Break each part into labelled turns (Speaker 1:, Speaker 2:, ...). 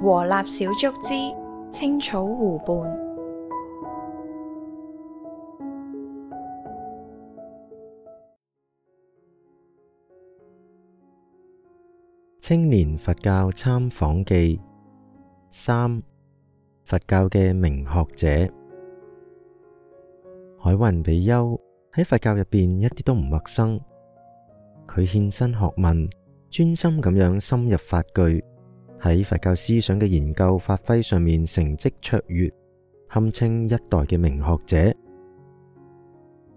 Speaker 1: 和立小築之青草
Speaker 2: 湖畔，《青年佛教參訪記》三，佛教嘅名學者。海雲比丘喺佛教入邊一啲都唔陌生，佢獻身學問，專心咁樣深入法句。喺佛教思想嘅研究發揮上面成績卓越，堪稱一代嘅名學者。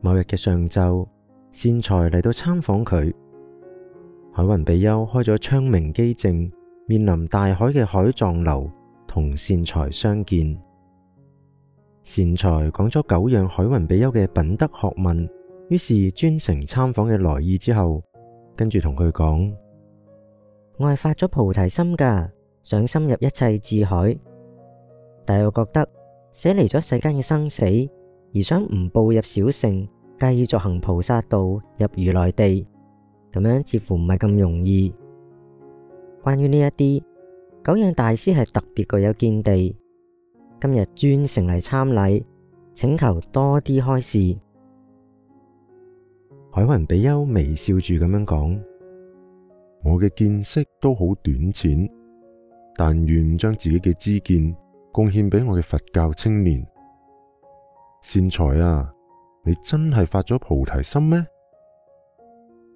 Speaker 2: 某日嘅上晝，善財嚟到參訪佢，海雲比丘開咗窗明幾淨，面臨大海嘅海藏樓，同善財相見。善財講咗九樣海雲比丘嘅品德學問，於是專程參訪嘅來意之後，跟住同佢講：
Speaker 1: 我係發咗菩提心㗎。想深入一切智海，但又覺得捨離咗世間嘅生死，而想唔步入小聖，繼續行菩薩道入如來地，咁樣似乎唔係咁容易。關於呢一啲，久仰大師係特別具有見地，今日專程嚟參禮，請求多啲開示。
Speaker 3: 海雲比丘微笑住咁樣講：我嘅見識都好短淺。但願將自己嘅知見貢獻俾我嘅佛教青年善財啊！你真係發咗菩提心咩？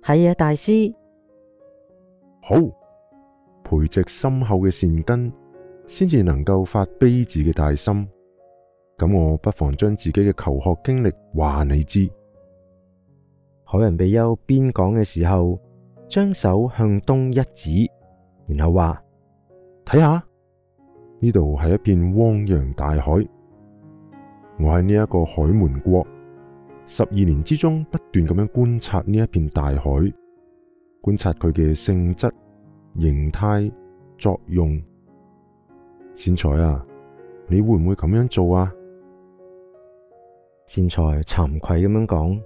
Speaker 3: 係啊，大師。好培植深厚嘅善根，先至能夠發悲智嘅大心。咁我不妨將自己嘅求學經歷話你知。
Speaker 2: 海雲比丘邊講嘅時候，將手向東一指，然後話。睇下呢度係一片汪洋大
Speaker 3: 海，我喺呢一個海門國十二年之中不斷咁樣觀察呢一片大海，觀察佢嘅性質、形態、作用。善財啊，你會唔會咁樣做啊？善財慚愧咁樣講，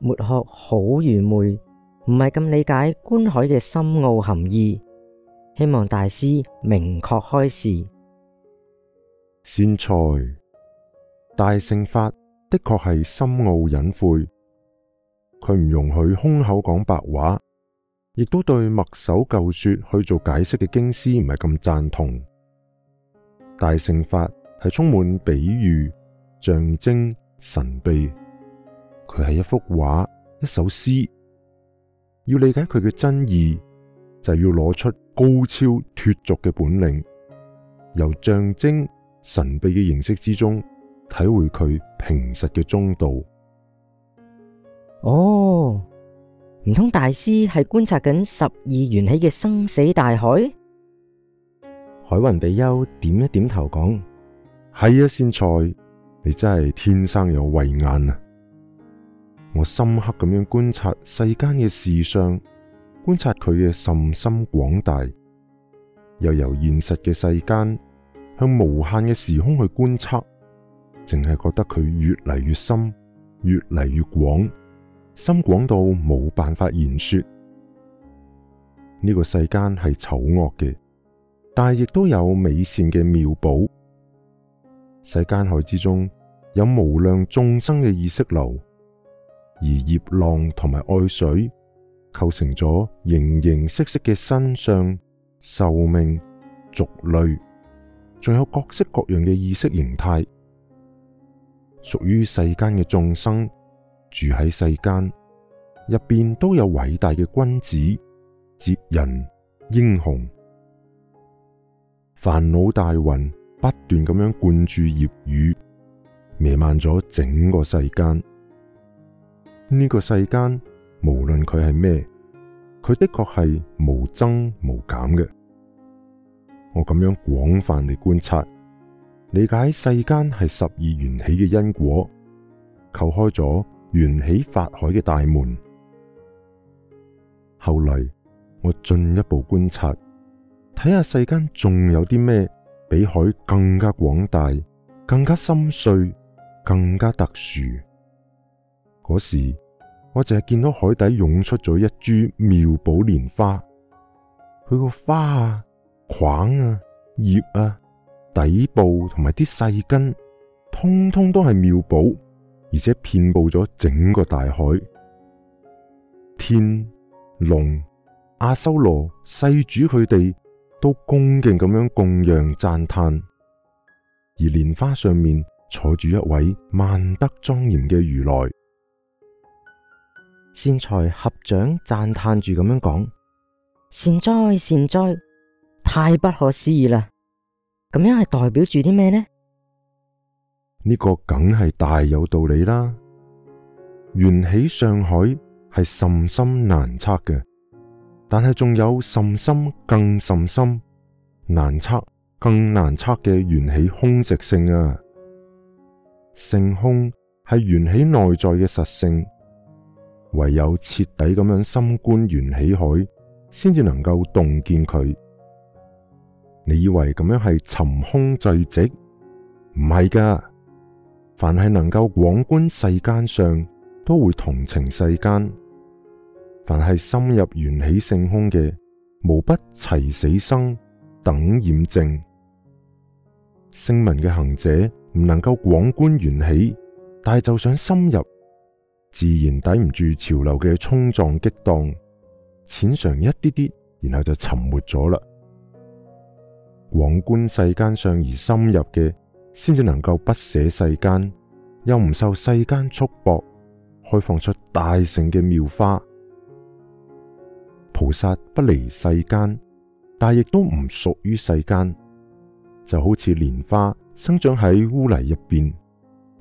Speaker 1: 末學好愚昧，唔係咁理解觀海嘅深奧含
Speaker 3: 義。希望
Speaker 1: 大師明確開示。
Speaker 3: 善財，大乘法的確係深奧隱晦，佢唔容許空口講白話，亦都對墨守舊說去做解釋嘅經師唔係咁贊同。大乘法係充滿比喻、象徵、神秘，佢係一幅畫、一首詩，要理解佢嘅真意，就要攞出。高超脱俗嘅本領，由象徵神秘嘅形式之中體會佢平實嘅中道。
Speaker 1: 哦，唔通大師係觀察緊十二緣起嘅生死大海？
Speaker 3: 海雲比丘點一點頭講：係啊，善財，你真係天生有慧眼啊！我深刻咁樣觀察世間嘅事相。觀察佢嘅甚深廣大，又由現實嘅世間向無限嘅時空去觀測，淨係覺得佢越嚟越深，越嚟越廣，深廣到冇辦法言說。呢個世間係醜惡嘅，但亦都有美善嘅妙寶。世間海之中有無量眾生嘅意識流，而業浪同埋愛水。構成咗形形色色嘅身相、壽命、族類，仲有各式各樣嘅意識形態，屬於世間嘅眾生住喺世間，入邊都有偉大嘅君子、哲人、英雄。煩惱大雲不斷咁樣灌注業雨，彌漫咗整個世間。呢、這個世間。無論佢係咩，佢的確係無增無減嘅。我咁樣廣泛地觀察、理解世間係十二緣起嘅因果，叩開咗緣起法海嘅大門。後嚟，我進一步觀察，睇下世間仲有啲咩比海更加廣大、更加深邃、更加特殊。嗰時。我淨係見到海底湧出咗一株妙寶蓮花，佢個花啊、桿啊、葉啊、底部同埋啲細根，通通都係妙寶，而且遍布咗整個大海。天龍阿修羅世主佢哋都恭敬咁樣供養讚嘆，而蓮花上面坐住一位萬德莊嚴嘅如來。善財合掌讚嘆住咁樣講：
Speaker 1: 善哉善哉，太不可思議啦！咁樣係代表住啲咩呢？
Speaker 3: 呢個梗係大有道理啦。緣起上海係甚深難測嘅，但係仲有甚深更甚深難測更難測嘅緣起空寂性啊！性空係緣起內在嘅實性。唯有徹底咁樣深觀緣起海，先至能夠洞見佢。你以為咁樣係沉空滯寂？唔係噶。凡係能夠廣觀世間上，都會同情世間。凡係深入緣起性空嘅，無不齊死生等染淨。聲聞嘅行者唔能夠廣觀緣起，但係就想深入。自然抵唔住潮流嘅沖撞激盪，淺嘗一啲啲，然後就沉沒咗啦。往觀世間上而深入嘅，先至能夠不捨世間，又唔受世間束縛，開放出大成大乘嘅妙花。菩薩不離世間，但亦都唔屬於世間，就好似蓮花生長喺污泥入邊，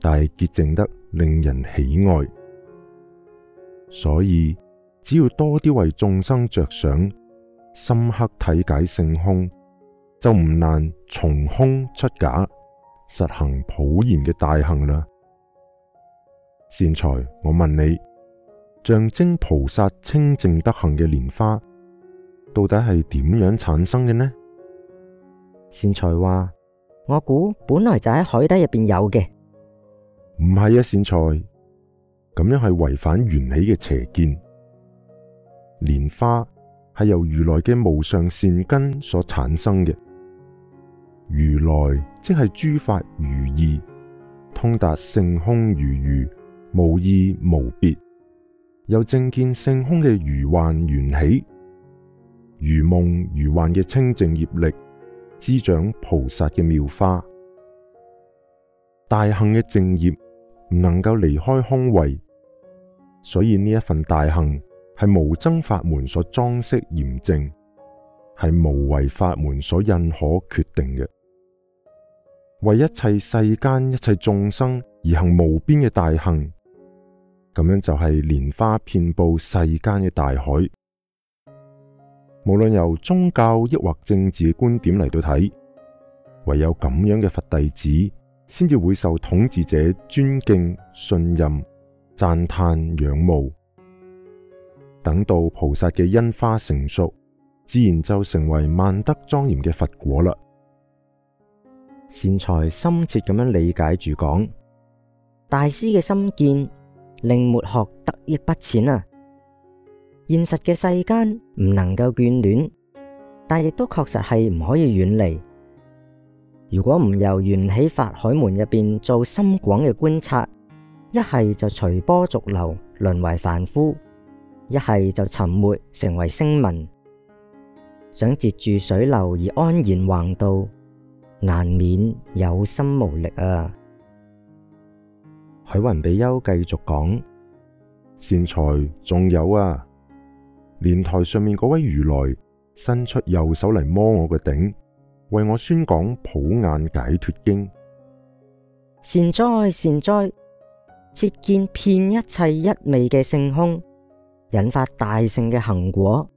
Speaker 3: 但係潔淨得令人喜愛。所以，只要多啲為眾生着想，深刻體解性空，就唔難從空出假，實行普賢嘅大行啦。善財，我問你，象徵菩薩清淨德行嘅蓮花，到底係點樣產生嘅呢？善財話：
Speaker 1: 我估本來就喺海底入邊有嘅，
Speaker 3: 唔係呀，善財。咁樣係違反緣起嘅邪見。蓮花係由如來嘅無上善根所產生嘅，如來即係諸法如意，通達性空如如，無異無別，又正見性空嘅如幻緣起，如夢如幻嘅清淨業力，滋長菩薩嘅妙花，大行嘅正業唔能夠離開空慧。所以呢一份大行，係無僧法門所裝飾嚴正，係無為法門所印可決定嘅，為一切世間一切眾生而行無邊嘅大行，咁樣就係蓮花遍布世間嘅大海。無論由宗教抑或政治嘅觀點嚟到睇，唯有咁樣嘅佛弟子，先至會受統治者尊敬信任。讚嘆、仰慕，等到菩薩嘅因花成熟，自然就成為萬德莊嚴嘅佛果啦。善財深切咁樣理解住講，大師嘅心見令末學
Speaker 1: 得益不淺啊！現實嘅世間唔能夠眷戀，但亦都確實係唔可以遠離。如果唔由緣起法海門入面做深廣嘅觀察。一係就隨波逐流，淪為凡夫；一係就沉沒，成為聲聞。想截住水流而安然橫渡，難免有心
Speaker 3: 無力啊！海雲比丘繼續講：善財，仲有啊！蓮台上面嗰位如來，伸出右手嚟摸我嘅頂，為我宣講《普眼解脫經》。
Speaker 1: 善哉，善哉！切見遍一切一味嘅性空，引發大乘嘅行果。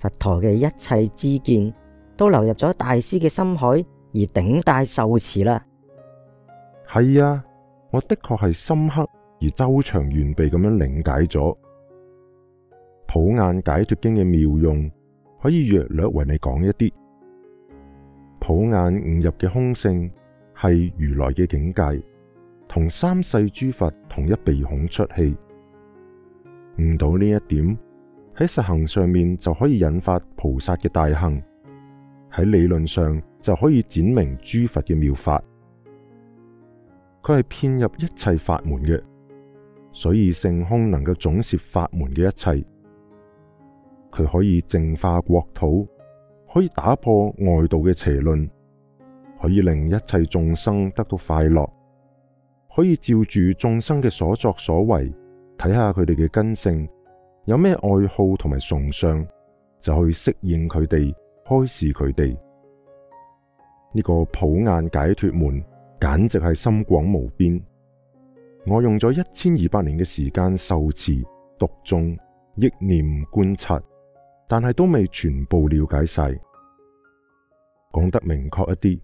Speaker 1: 佛陀嘅一切智見都流入咗大師嘅心海，而頂戴受持啦。
Speaker 3: 係啊，我的確係深刻而周詳完備咁樣理解咗《普眼解脫經》嘅妙用，可以略略為你講一啲《普眼悟入》嘅空性係如來嘅境界。同三世諸佛同一鼻孔出氣，悟到呢一點喺實行上面就可以引發菩薩嘅大行，喺理論上就可以展明諸佛嘅妙法。佢係遍入一切法門嘅，所以性空能夠總攝法門嘅一切。佢可以淨化國土，可以打破外道嘅邪論，可以令一切眾生得到快樂。可以照住眾生嘅所作所為，睇下佢哋嘅根性，有咩愛好同埋崇尚，就去適應佢哋，開示佢哋。呢個普眼解脱門簡直係深廣無邊。我用咗一千二百年嘅時間受持讀誦憶念觀察，但係都未全部了解晒。講得明確一啲，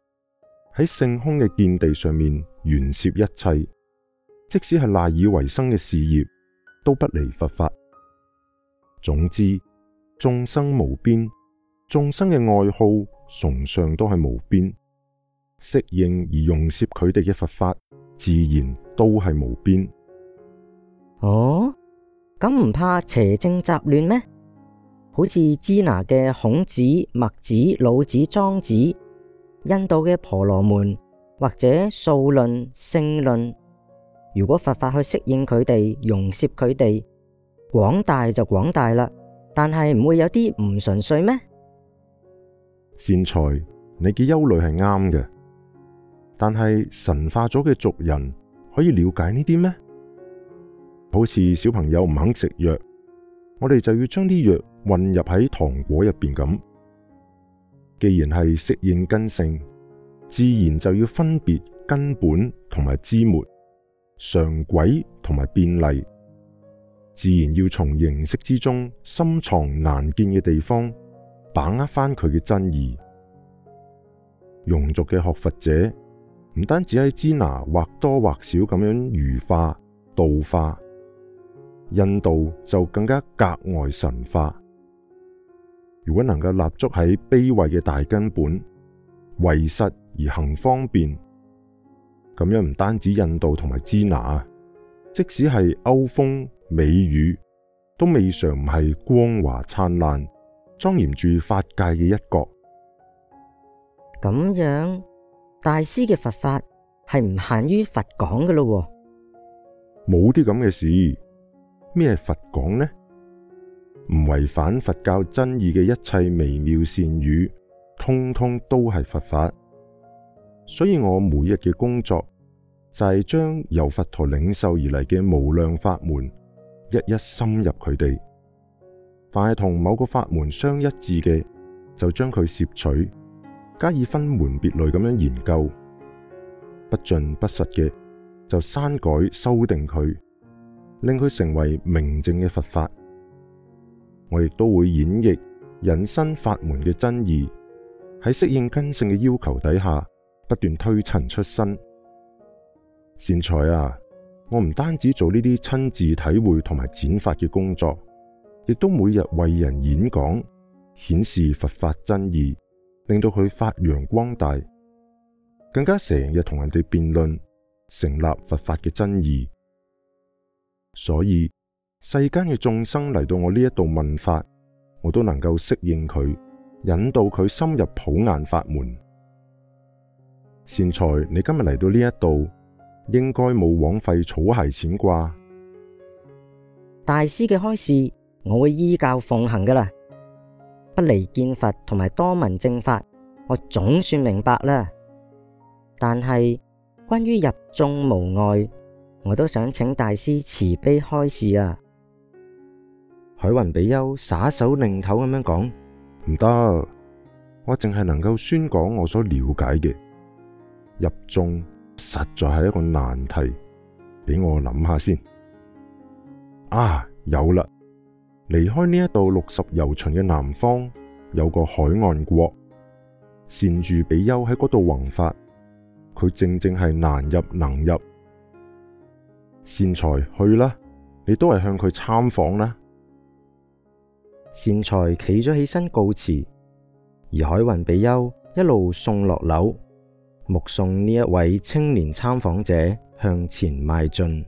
Speaker 3: 喺性空嘅見地上面圓攝一切，即使係賴以為生嘅事業，都不離佛法。總之，眾生無邊，眾生嘅愛好崇尚都係無邊，適應而用攝佢哋嘅佛法，自然都係無邊。哦，
Speaker 1: 咁唔怕邪正雜亂咩？好似支那嘅孔子、墨子、老子、莊子。印度嘅婆羅門或者數論、勝論，如果佛法,法去適應佢哋、融攝佢哋，廣大就廣大啦。但係唔會有啲唔純粹咩？
Speaker 3: 善財，你嘅憂慮係啱嘅。但係神化咗嘅族人可以了解呢啲咩？好似小朋友唔肯食藥，我哋就要將啲藥混入喺糖果入邊咁。既然係適應根性，自然就要分別根本同埋枝末、常軌同埋變例。自然要從形式之中深藏難見嘅地方，把握翻佢嘅真義。庸俗嘅學佛者，唔單止喺支那或多或少咁樣愚化道化，印度就更加格外神化。如果能夠立足喺卑微嘅大根本，為實而行方便，咁樣唔單止印度同埋支那，即使係歐風美雨，都未嘗唔係光華燦爛、莊嚴住法界嘅一角。咁樣，大師嘅佛法
Speaker 1: 係唔限於佛講嘅咯，
Speaker 3: 冇啲咁嘅事，咩佛講呢？唔違反佛教真義嘅一切微妙善語，通通都係佛法。所以我每日嘅工作就係將由佛陀領受而嚟嘅無量法門，一一深入佢哋。凡係同某個法門相一致嘅，就將佢攝取；加以分門別類咁樣研究，不盡不實嘅就刪改修訂佢，令佢成為明淨嘅佛法。我亦都會演繹引申法門嘅真義，喺適應根性嘅要求底下，不斷推陳出新。善財啊，我唔單止做呢啲親自體會同埋剪法嘅工作，亦都每日為人演講，顯示佛法真義，令到佢發揚光大，更加成日同人哋辯論，成立佛法嘅真義。所以，世間嘅眾生嚟到我呢一度問法，我都能夠適應佢，引導佢深入普眼法門。善財，你今日嚟到呢一度，應該冇枉費草鞋錢啩？
Speaker 1: 大師嘅開示，我會依教奉行㗎喇。不離見佛同埋多聞正法，我總算明白喇。但係關於入眾無礙，我都想請大師慈悲開示啊！
Speaker 3: 海雲比丘耍手擰頭咁樣講，唔得，我淨係能夠宣講我所了解嘅。入眾實在係一個難題，俾我諗下先啊。有啦，離開呢一度六十由旬嘅南方，有個海岸國善住比丘喺嗰度弘法，佢正正係難入能入。善財去啦，你都係向
Speaker 2: 佢參訪啦。善財企咗起身告辭，而海雲比丘一路送落樓，目送呢一位青年參訪者向前邁進。